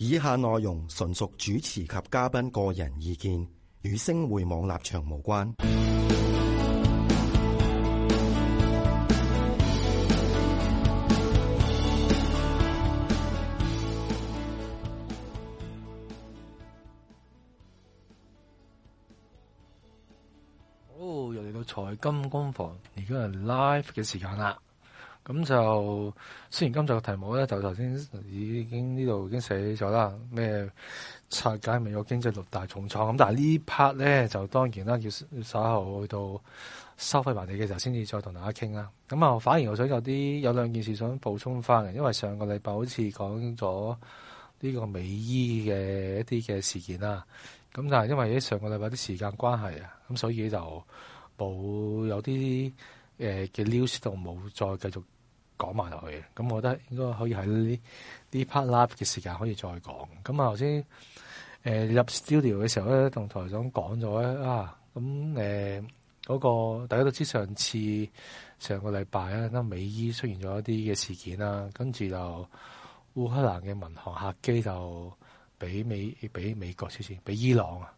以下內容純屬主持及嘉賓個人意見，與星匯網立場無關。好，又嚟到財金工房，而家係 live 嘅時間啦。咁就雖然今集嘅題目咧，就頭先已經呢度已經寫咗啦，咩拆解美國經濟六大重創，咁但係呢 part 咧，就當然啦，要稍後去到收費埋你嘅時候，先至再同大家傾啦。咁啊，反而我想有啲有兩件事想補充翻嘅，因為上個禮拜好似講咗呢個美伊嘅一啲嘅事件啦。咁但係因為上個禮拜啲時間關係啊，咁所以就冇有啲誒嘅 news 都冇再繼續。講埋落去嘅，咁我覺得應該可以喺呢啲 part live 嘅時間可以再講。咁啊，頭先誒入 studio 嘅時候咧，同台長講咗啊，咁誒嗰個大家都知上次上個禮拜咧，美伊出現咗一啲嘅事件啦，跟住就烏克蘭嘅民航客機就俾美俾美國先，先俾伊朗啊，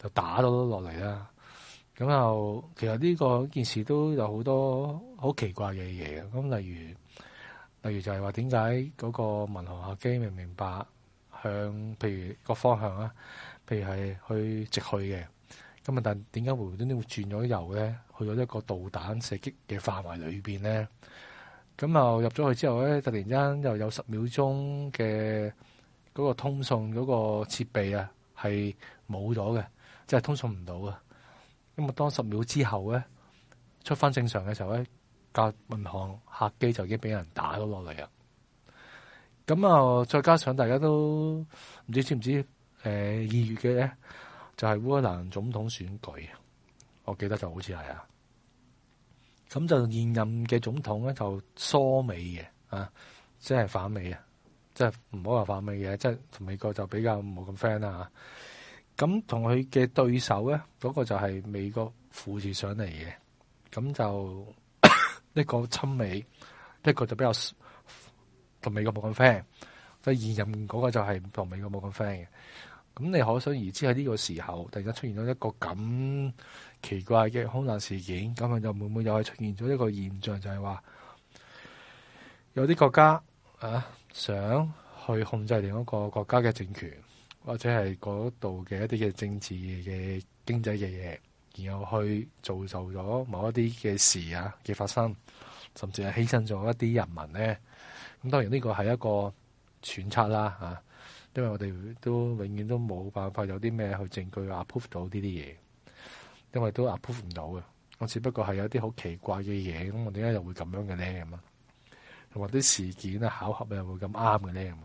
就打咗落嚟啦。咁又其實呢個件事都有好多好奇怪嘅嘢嘅，咁例如～例如就係話點解嗰個民航客機明明白向，譬如個方向啊，譬如係去直去嘅，咁啊但點解無端端會轉咗油咧？去咗一個導彈射擊嘅範圍裏邊咧，咁啊入咗去之後咧，突然間又有十秒鐘嘅嗰個通訊嗰個設備啊係冇咗嘅，即係通訊唔到嘅。咁啊當十秒之後咧，出翻正常嘅時候咧。架民航客機就已經俾人打咗落嚟啊！咁啊，再加上大家都唔知知唔知，誒二月嘅咧就係烏克蘭總統選舉啊，我記得就好似係啊。咁就現任嘅總統咧就疏美嘅啊，即係反美啊，即係唔好話反美嘅，即係同美國就比較冇咁 friend 啦。吓咁同佢嘅對手咧，嗰個就係美國扶持上嚟嘅，咁就。一個親美，一個就比較同美國冇咁 friend。所以現任嗰個就係同美國冇咁 friend 嘅。咁你可想而知喺呢個時候，突然間出現咗一個咁奇怪嘅空難事件，咁就每每又係出現咗一個現象就，就係話有啲國家啊想去控制另一個國家嘅政權，或者係嗰度嘅一啲嘅政治嘅經濟嘅嘢。然後去造就咗某一啲嘅事啊嘅發生，甚至係犧牲咗一啲人民咧。咁當然呢個係一個揣測啦，吓，因為我哋都永遠都冇辦法有啲咩去證據 approve 到呢啲嘢，因為都 approve 唔到嘅。我只不過係有啲好奇怪嘅嘢，咁我點解又會咁樣嘅咧？咁啊，同埋啲事件啊巧合又會咁啱嘅咧？咁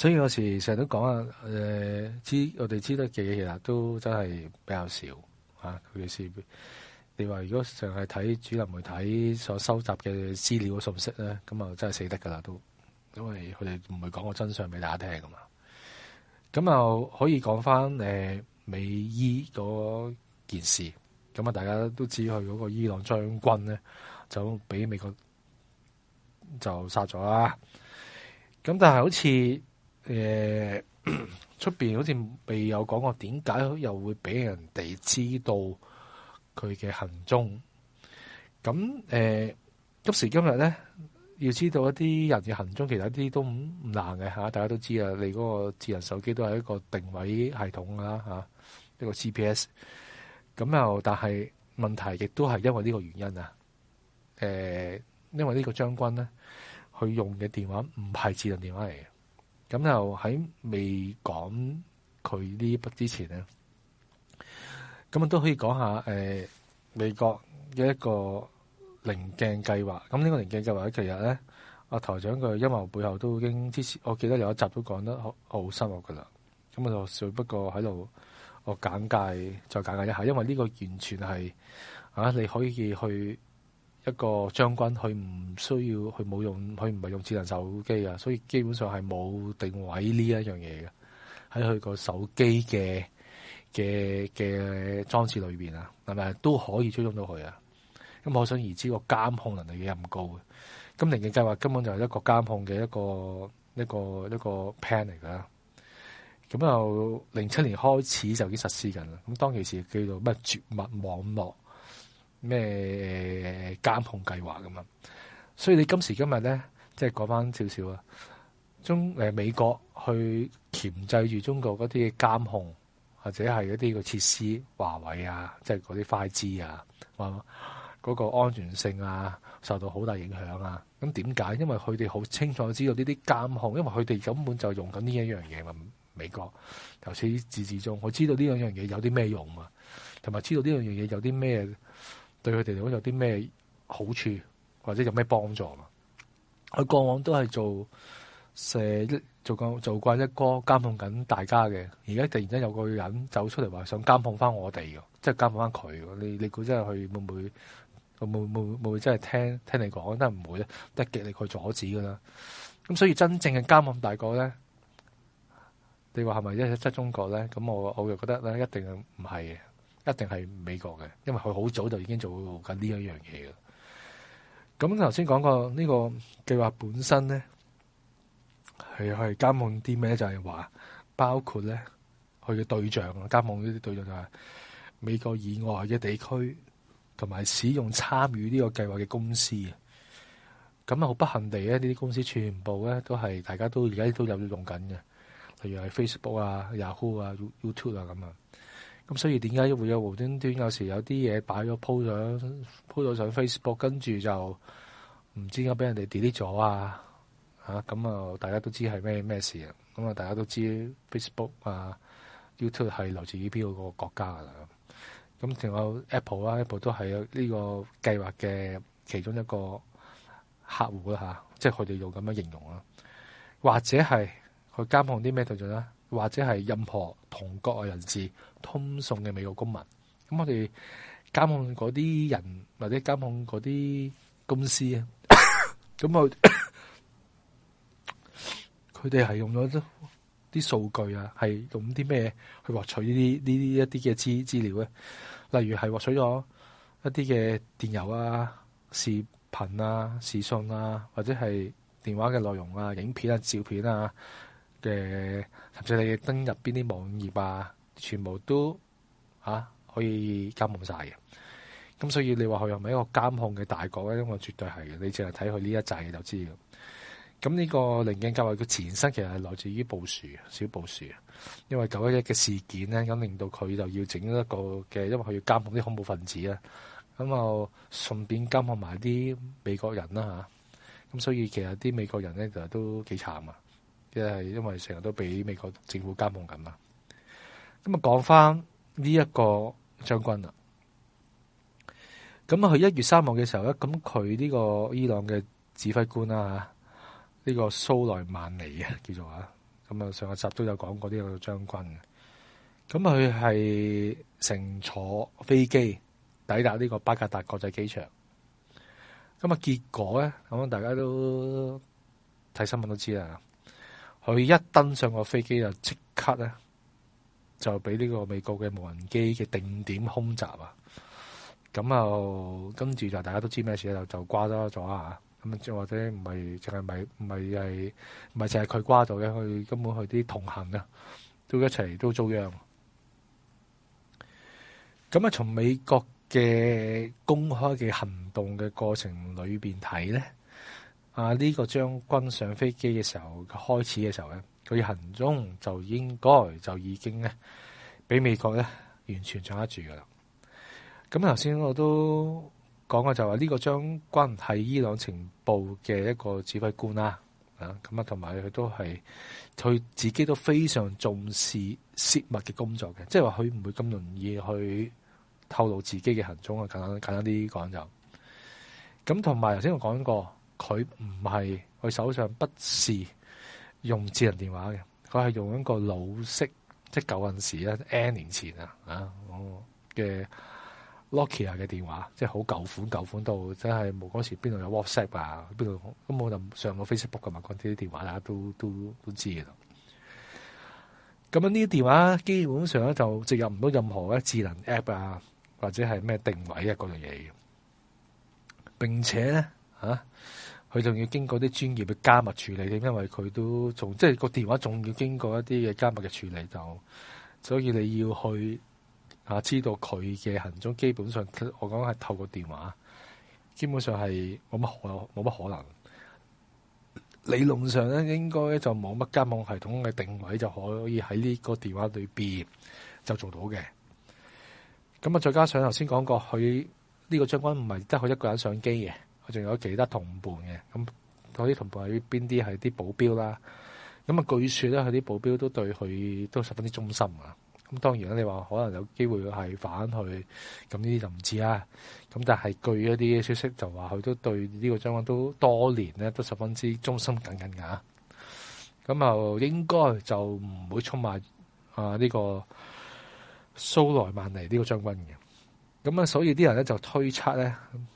所以有時成日都講啊，誒、呃，知我哋知得嘅嘢，其實都真係比較少啊。尤其是你話，如果淨係睇主流媒體所收集嘅資料嘅信息咧，咁啊真係死得噶啦都，因為佢哋唔會講個真相俾大家聽噶嘛。咁又可以講翻誒美伊嗰件事，咁啊大家都知佢嗰個伊朗將軍咧就俾美國就殺咗啦。咁但係好似，誒，出邊、呃、好似未有講過，點解又會俾人哋知道佢嘅行蹤？咁誒，今、呃、時今日咧，要知道一啲人嘅行蹤，其實一啲都唔難嘅吓、啊。大家都知啊，你嗰個智能手機都係一個定位系統啦吓、啊，一個 GPS、啊。咁又但係問題亦都係因為呢個原因啊。誒，因為個將呢個將軍咧，佢用嘅電話唔係智能電話嚟嘅。咁又喺未講佢呢筆之前咧，咁我都可以講下誒、呃、美國嘅一個稜鏡計劃。咁呢個稜鏡計劃其實咧，阿、啊、台長佢因為背後都已經之前，我記得有一集都講得好好深入噶啦。咁我就少不過喺度，我簡介再簡介一下，因為呢個完全係啊，你可以去。一個將軍，佢唔需要，佢冇用，佢唔係用智能手機啊，所以基本上係冇定位呢一樣嘢嘅，喺佢個手機嘅嘅嘅裝置裏邊啊，係咪都可以追蹤到佢啊？咁可想而知個監控能力嘅咁高嘅，咁稜鏡計劃根本就係一個監控嘅一個一個一個 plan 嚟噶。咁又零七年開始就已經實施緊啦。咁當其時叫做咩絕密網絡。咩監控計劃咁樣？所以你今時今日咧，即係講翻少少啊，中美國去鉗制住中國嗰啲監控，或者係一啲個設施，華為啊，即係嗰啲快支啊，嗰個安全性啊，受到好大影響啊。咁點解？因為佢哋好清楚知道呢啲監控，因為佢哋根本就用緊呢一樣嘢嘛。美國由始至至終，我知道呢兩樣嘢有啲咩用啊，同埋知道呢兩樣嘢有啲咩。對佢哋嚟講有啲咩好處，或者有咩幫助嘛？佢過往都係做蛇、呃，做做慣一哥監控緊大家嘅。而家突然間有個人走出嚟話想監控翻我哋即係監控翻佢。你你估真係佢會唔會？會唔會？會唔會真係聽聽你講？真係唔會咧，得極力去阻止噶啦。咁所以真正嘅監控大哥咧，你話係咪一一七中國咧？咁我我就覺得咧，一定唔係嘅。一定係美國嘅，因為佢好早就已經做緊呢一樣嘢嘅。咁頭先講過呢個計劃本身咧，係去監望啲咩？就係話包括咧，佢嘅對象啊，監望呢啲對象就係美國以外嘅地區，同埋使用參與呢個計劃嘅公司嘅。咁啊，好不幸地咧，呢啲公司全部咧都係大家都而家都有用緊嘅，例如係 Facebook 啊、Yahoo 啊、YouTube 啊咁啊。咁所以點解會有無端端有時有啲嘢擺咗 po 上 po 咗上 Facebook，跟住就唔知點解俾人哋 delete 咗啊？咁啊大、嗯，大家都知係咩咩事啊？咁啊，大家都知 Facebook 啊、YouTube 係來自於邊個個國家噶啦？咁仲有 Apple 啦、啊，Apple 都係呢個計劃嘅其中一個客戶啦嚇，即係佢哋用咁樣形容啦，或者係佢監控啲咩對象啦？或者係任何同國外人士通訊嘅美國公民，咁我哋監控嗰啲人或者監控嗰啲公司啊，咁我佢哋係用咗啲數據啊，係用啲咩去獲取呢啲呢啲一啲嘅資資料咧？例如係獲取咗一啲嘅電郵啊、視頻啊、視訊啊，或者係電話嘅內容啊、影片啊、照片啊。嘅甚至你登入邊啲網頁啊，全部都啊可以監控晒嘅。咁所以你話佢係咪一個監控嘅大國咧？因為絕對係嘅。你淨係睇佢呢一紮嘢就知。咁呢個稜鏡計劃嘅前身其實係來自於布什，小布什。因為九一一嘅事件咧，咁令到佢就要整一個嘅，因為佢要監控啲恐怖分子啊。咁啊，順便監控埋啲美國人啦吓。咁、啊、所以其實啲美國人咧就都幾慘啊。即係因為成日都俾美國政府監控緊嘛，咁啊講翻呢一個將軍啦，咁啊佢一月三號嘅時候咧，咁佢呢個伊朗嘅指揮官啊，呢個蘇萊曼尼啊叫做啊，咁啊上個集都有講過呢個將軍，咁佢係乘坐飛機抵達呢個巴格達國際機場，咁啊結果咧，咁大家都睇新聞都知啦。佢一登上個飛機就即刻咧，就俾呢個美國嘅無人機嘅定點空襲啊！咁啊，跟住就大家都知咩事啦，就就瓜咗咗啊！咁啊，或者唔係淨係咪唔係係唔係淨係佢瓜咗嘅？佢根本佢啲同行啊，都一齊都遭殃。咁啊，從美國嘅公開嘅行動嘅過程裏邊睇咧。啊！呢、這個將軍上飛機嘅時候，開始嘅時候咧，佢行蹤就應該就已經咧，俾美國咧完全掌握住噶啦。咁頭先我都講過就，就話呢個將軍係伊朗情報嘅一個指揮官啦，啊，啊咁啊，同埋佢都係佢自己都非常重視泄密嘅工作嘅，即係話佢唔會咁容易去透露自己嘅行蹤啊。簡單簡單啲講就咁，同埋頭先我講過。佢唔係佢手上不是用智能電話嘅，佢係用一個老式，即舊陣時咧 N 年前啊啊，我嘅 Nokia、ok、嘅電話，即好舊款，舊款到真係冇，嗰時邊度有 WhatsApp 啊，邊度咁我就上過 Facebook 嘅、啊、嘛，嗰啲電話啊，大家都都都知嘅啦。咁樣呢啲電話基本上咧就植入唔到任何嘅智能 app 啊，或者係咩定位啊嗰樣嘢嘅。並且咧。吓，佢仲要經過啲專業嘅加密處理嘅，因為佢都仲即係個電話仲要經過一啲嘅加密嘅處理，就所以你要去啊，知道佢嘅行蹤，基本上我講係透過電話，基本上係冇乜可冇乜可能。理論上咧，應該就冇乜監控系統嘅定位就可以喺呢個電話裏邊就做到嘅。咁啊，再加上頭先講過，佢呢個將軍唔係得佢一個人上機嘅。仲有其他同伴嘅，咁嗰啲同伴係邊啲？係啲保鏢啦，咁啊，據說咧，佢啲保鏢都對佢都十分之忠心啊。咁當然啦，你話可能有機會係反佢，咁呢啲就唔知啦，啊。咁但係據一啲消息就話，佢都對呢個將軍都多年咧，都十分之忠心耿耿噶。咁啊，咁就應該就唔會出賣啊呢個蘇萊曼尼呢個將軍嘅。咁啊，所以啲人咧就推測咧，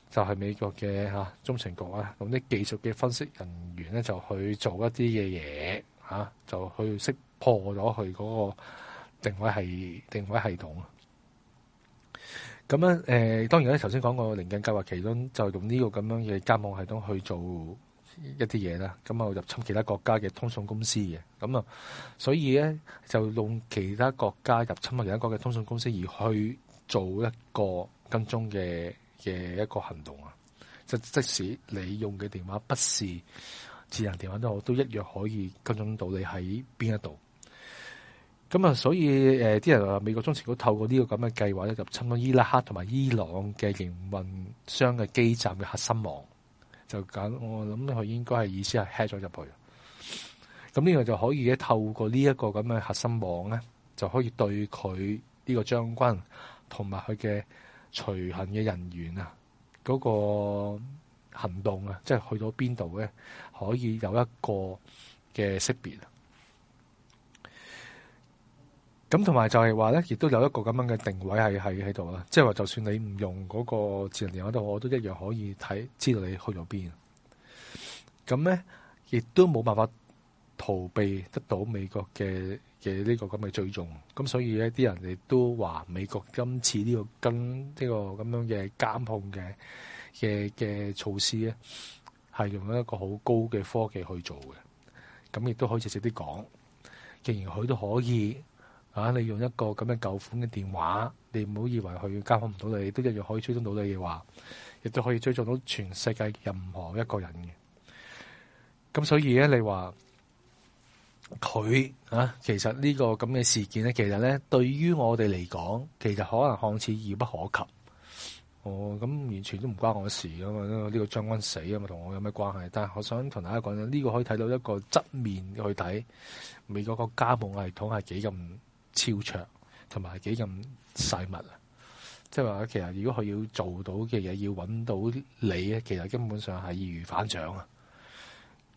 就係、是、美國嘅嚇中情局啊，咁啲技術嘅分析人員咧就去做一啲嘅嘢嚇，就去識破咗佢嗰個定位係定位系統啊。咁啊，誒、呃、當然咧，頭先講過稜鏡計劃，其中就是用呢個咁樣嘅監控系統去做一啲嘢啦。咁啊，入侵其他國家嘅通訊公司嘅，咁啊，所以咧就用其他國家入侵其他國家嘅通訊公司而去。做一個跟蹤嘅嘅一個行動啊，即即使你用嘅電話不是智能電話都好，都一樣可以跟蹤到你喺邊一度。咁啊，所以誒，啲人話美國中情局透過呢個咁嘅計劃咧，入侵咗伊拉克同埋伊朗嘅營運商嘅基站嘅核心網，就咁我諗佢應該係意思係 hack 咗入去。咁呢個就可以透過呢一個咁嘅核心網咧，就可以對佢呢、這個將軍。同埋佢嘅隨行嘅人員啊，嗰、嗰個行動啊，即係去到邊度咧，可以有一個嘅識別。咁同埋就係話咧，亦都有一個咁樣嘅定位係喺喺度啦。即係話，就是、就算你唔用嗰個智能電話都好，我都一樣可以睇，知道你去咗邊。咁咧，亦都冇辦法逃避得到美國嘅。嘅呢個咁嘅追蹤，咁所以咧啲人哋都話美國今次呢個跟呢個咁樣嘅監控嘅嘅嘅措施咧，係用一個好高嘅科技去做嘅，咁亦都可以直接啲講，既然佢都可以啊，你用一個咁樣舊款嘅電話，你唔好以為佢監控唔到你，都一樣可以追蹤到你嘅話，亦都可以追蹤到全世界任何一個人嘅。咁所以咧，你話佢啊，其實呢、呢個咁嘅事件咧，其實咧對於我哋嚟講，其實可能看似遙不可及。哦，咁、嗯、完全都唔關我事噶嘛，呢個將軍死啊嘛，同我有咩關係？但係我想同大家講呢、呢個可以睇到一個側面去睇美國個家務系統係幾咁超卓，同埋幾咁細密啊。即係話，其實如果佢要做到嘅嘢，要揾到你，咧，其實根本上係易如反掌啊。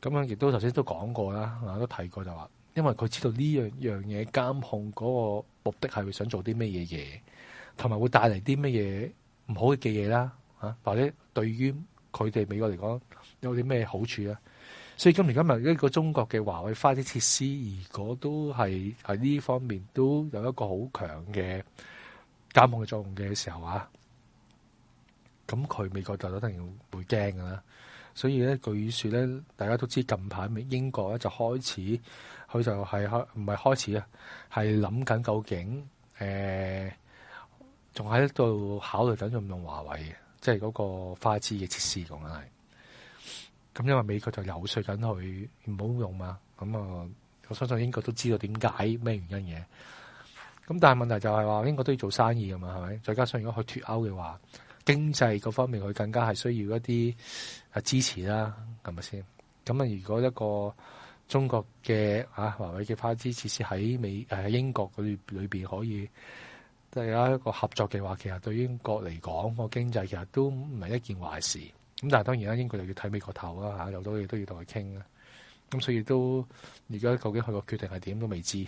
咁樣亦都頭先都講過啦，都提過就話，因為佢知道呢樣樣嘢監控嗰個目的係會想做啲咩嘢嘢，同埋會帶嚟啲咩嘢唔好嘅嘢啦，吓，或者對於佢哋美國嚟講有啲咩好處啊？所以今年今日一個中國嘅華為花啲設施，如果都係喺呢方面都有一個好強嘅監控嘅作用嘅時候啊，咁佢美國就一定會驚噶啦。所以咧，據說咧，大家都知近排英國咧就開始，佢就係、是、開，唔係開始啊，係諗緊究竟誒，仲喺度考慮緊用唔用華為嘅，即係嗰個花枝嘅設施咁樣係。咁因為美國就游說緊佢唔好用嘛，咁啊，我相信英國都知道點解咩原因嘅。咁但係問題就係話英國都要做生意㗎嘛，係咪？再加上如果佢脫歐嘅話，經濟嗰方面佢更加係需要一啲啊支持啦，係咪先？咁啊，如果一個中國嘅啊華為嘅花支設施喺美，誒英國佢裏面可以，都有一個合作嘅話，其實對於英國嚟講個經濟其實都唔係一件壞事。咁但係當然啦，英國又要睇美國頭啦嚇、啊，有好多嘢都要同佢傾啦。咁所以都而家究竟佢個決定係點都未知。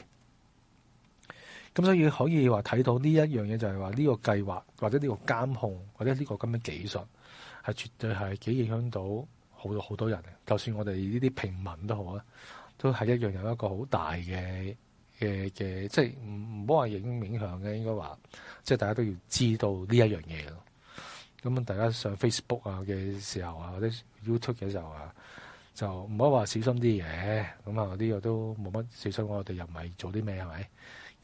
咁所以可以話睇到呢一樣嘢，就係話呢個計劃或者呢個監控或者呢個咁樣技術係絕對係幾影響到好多好多人嘅。就算我哋呢啲平民好都好啊，都係一樣有一個好大嘅嘅嘅，即係唔唔好話影影響嘅。應該話即係大家都要知道呢一樣嘢咯。咁大家上 Facebook 啊嘅時候啊，或者 YouTube 嘅時候啊，就唔好話小心啲嘢。咁啊，呢個都冇乜小心，我哋又唔係做啲咩係咪？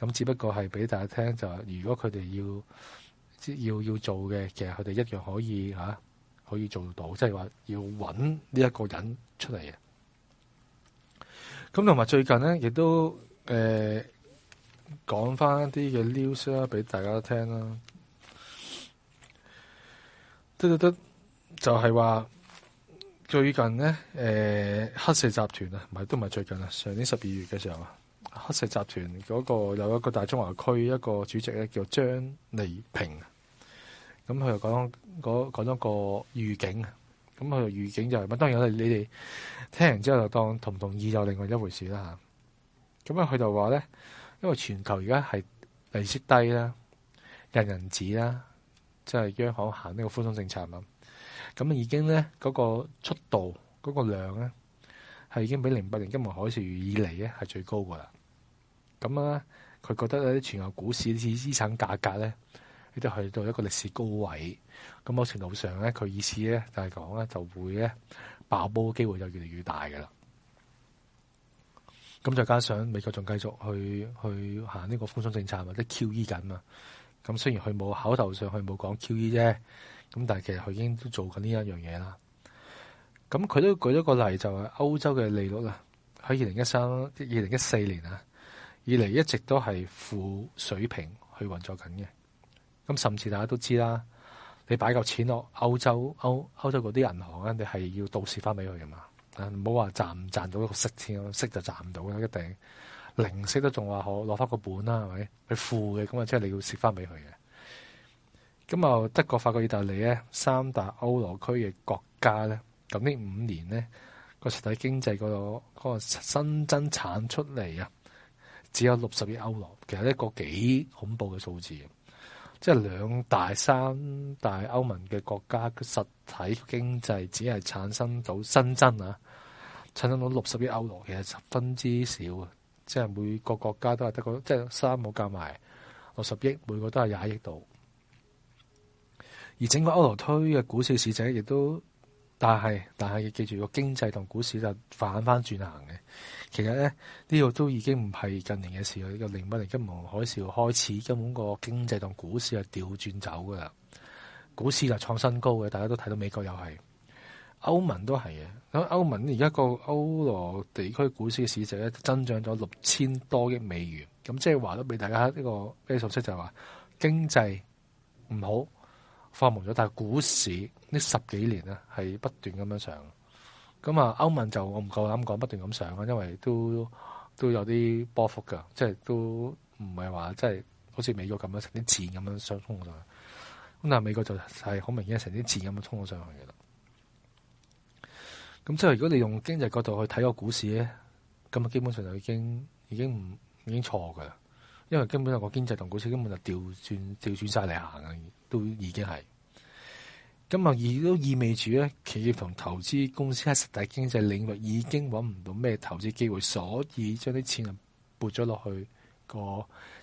咁只不過係俾大家聽，就係如果佢哋要，即要要做嘅，其實佢哋一樣可以可以做到，即係話要揾呢一個人出嚟嘅。咁同埋最近呢，亦、呃、都誒講翻啲嘅 news 啦，俾大家聽啦。得得得，就係話最近呢，黑石集團啊，唔係都唔係最近啦，上年十二月嘅時候啊。黑石集團嗰個有一個大中華區一個主席咧，叫張利平。咁佢就講講講咗個預警啊。咁佢預警就係、是、乜？當然我哋你哋聽完之後，當同唔同意就另外一回事啦。咁啊，佢就話咧，因為全球而家係利息低啦，人人字啦，即、就、係、是、央行行呢個寬鬆政策啊咁已經咧嗰、那個速度嗰個量咧係已經比零八年金融海嘯以嚟咧係最高㗎喇。咁啊，佢覺得咧啲全球股市啲資產價格咧，呢度去到一個歷史高位，咁某程度上咧，佢意思咧就係講咧就會咧爆煲嘅機會就越嚟越大㗎啦。咁再加上美國仲繼續去去行呢個寬鬆政策或者 Q E 緊嘛，咁雖然佢冇口頭上佢冇講 Q E 啫，咁但係其實佢已經都做緊呢一樣嘢啦。咁佢都舉咗個例，就係歐洲嘅利率啦，喺二零一三、二零一四年啊，以嚟一直都係負水平去運作緊嘅。咁甚至大家都知啦，你擺嚿錢落歐洲歐歐洲嗰啲銀行咧，你係要倒蝕翻俾佢噶嘛？但唔好話賺唔賺到一個息錢，息就賺唔到啦，一定零息都仲話好攞翻個本啦，係咪你負嘅咁啊？即係你要蝕翻俾佢嘅。咁啊，德國、法國意大利咧，三大歐羅區嘅國家咧，咁呢五年咧個實體經濟、嗰個、嗰個新增產出嚟啊！只有六十億歐羅，其實一個幾恐怖嘅數字，即係兩大三大歐盟嘅國家實體經濟只係產生到新增啊，產生到六十億歐羅，其實十分之少啊。即係每個國家都係得個，即係三個加埋六十億，每個都係廿億度。而整個歐羅推嘅股市市者亦都。但係，但係要記住個經濟同股市就反翻轉行嘅。其實咧，呢個都已經唔係近年嘅事候呢、呢個零八年金融海嘯開始，根本個經濟同股市係調轉走噶啦。股市就創新高嘅，大家都睇到美國又係，歐盟都係嘅。咁歐盟而家個歐羅地區股市嘅市值咧，增長咗六千多億美元。咁即係話咗俾大家呢、這個咩信、這個、息就係話經濟唔好。發懵咗，但係股市呢十幾年咧係不斷咁樣上，咁啊歐盟就我唔夠膽講，不斷咁上啊，因為都都有啲波幅噶，即係都唔係話即係好似美國咁樣成啲錢咁樣上衝上去，咁但係美國就係好明顯成啲錢咁樣衝咗上去噶啦。咁即係如果你用經濟角度去睇個股市咧，咁啊基本上就已經已經唔已經錯噶啦。因為根本上個經濟同股市根本就調轉調轉晒嚟行啊，都已經係咁。日亦都意味住咧，企業同投資公司喺實體經濟領域已經揾唔到咩投資機會，所以將啲錢啊撥咗落去個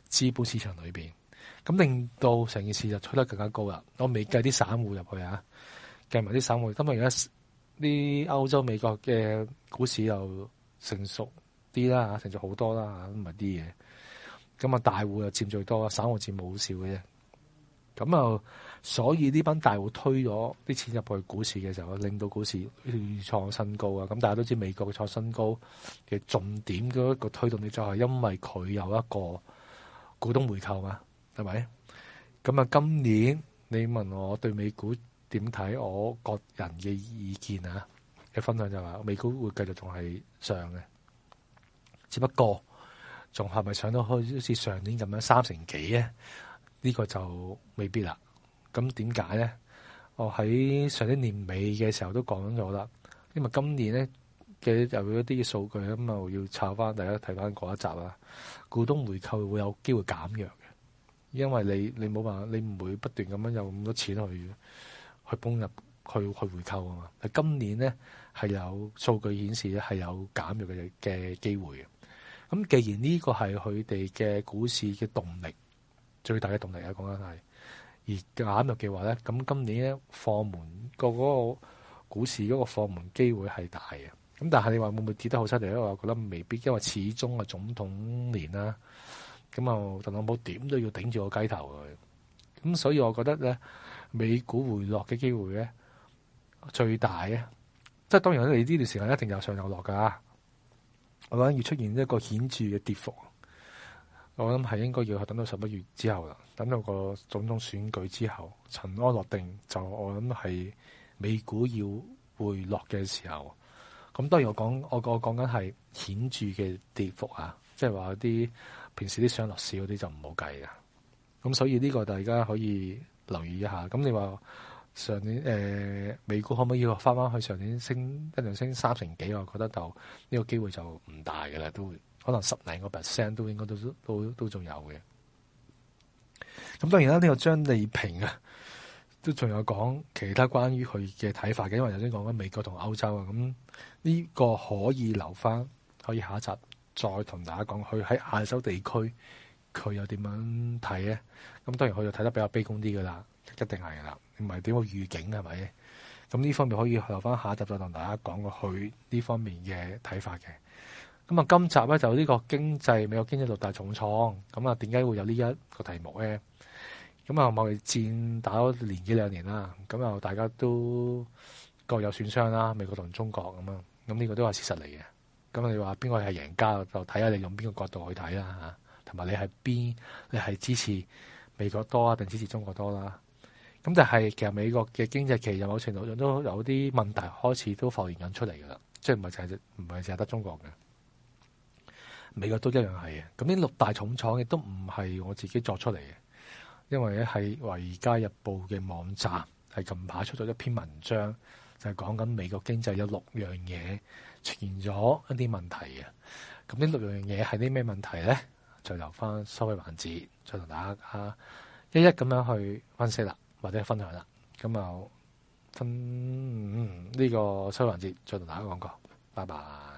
資本市場裏邊，咁令到成件事就推得更加高啦。我未計啲散戶入去啊，計埋啲散戶。今日而家啲歐洲、美國嘅股市又成熟啲啦，成熟好多啦，咁咪啲嘢。咁啊，大戶又佔最多，散戶佔冇少嘅啫。咁啊，所以呢班大戶推咗啲錢入去股市嘅時候，令到股市創新高啊！咁大家都知美國嘅創新高嘅重點嗰個推動力就係因為佢有一個股東回購嘛，係咪？咁啊，今年你問我對美股點睇，我個人嘅意見啊嘅分享就話，是，美股會繼續仲係上嘅，只不過。仲係咪上到去好似上年咁樣三成幾咧？呢個就未必啦。咁點解咧？我喺上年年尾嘅時候都講咗啦。因為今年咧嘅又有一啲數據咁啊，要抄翻大家睇翻嗰一集啦。股東回購會有機會減弱嘅，因為你你冇辦法，你唔會不斷咁樣有咁多錢去去注入去去回購啊嘛。但係今年咧係有數據顯示咧係有減弱嘅嘅機會嘅。咁既然呢個係佢哋嘅股市嘅動力，最大嘅動力啊，講緊係而減弱嘅話咧，咁今年咧放門個嗰、嗰個股市嗰個放門機會係大嘅，咁但係你話會唔會跌得好犀利咧？我覺得未必，因為始終係總統年啦，咁啊特朗普點都要頂住個雞頭去。咁所以我覺得咧美股回落嘅機會咧最大嘅，即係當然啦，你呢段時間一定有上有落㗎。我諗要出現一個顯著嘅跌幅，我諗係應該要等到十一月之後啦，等到個總統選舉之後，塵埃落定就我諗係美股要回落嘅時候。咁當然我講我我講緊係顯著嘅跌幅啊，即係話啲平時啲上落市嗰啲就唔好計噶。咁所以呢個大家可以留意一下。咁你話？上年誒、呃、美國可唔可以翻翻去上年升一兩升三成幾？我覺得就呢個機會就唔大嘅啦，都會可能十零個 percent 都應該都都都仲有嘅。咁當然啦，呢個張利平啊，都仲有講其他關於佢嘅睇法嘅。因為頭先講緊美國同歐洲啊，咁呢個可以留翻，可以下一集再同大家講。佢喺亞洲地區，佢又點樣睇咧？咁當然佢又睇得比較悲觀啲噶啦，一定係噶啦。唔係點個預警係咪？咁呢方面可以留翻下一集再同大家講過去呢方面嘅睇法嘅。咁啊，今集咧就呢個經濟，美國經濟六大重創。咁啊，點解會有呢一個題目咧？咁啊，貿易戰打咗年幾兩年啦。咁啊，大家都各有損傷啦。美國同中國，咁啊，咁呢個都係事實嚟嘅。咁你話邊個係贏家，就睇下你用邊個角度去睇啦吓。同埋你係邊，你係支持美國多啊，定支持中國多啦？咁就係其實美國嘅經濟期，有某程度上都有啲問題開始都浮現緊出嚟噶啦。即係唔係就係唔係淨係得中國嘅，美國都一樣係嘅。咁呢六大重創亦都唔係我自己作出嚟嘅，因為咧係《華爾街日報》嘅網站係近排出咗一篇文章，就係講緊美國經濟有六樣嘢出現咗一啲問題嘅。咁呢六樣嘢係啲咩問題咧？就留翻收尾環節再同大家一一咁樣去分析啦。或者分享啦，咁又，分呢、嗯，這個秋分節，再同大家講個，拜拜。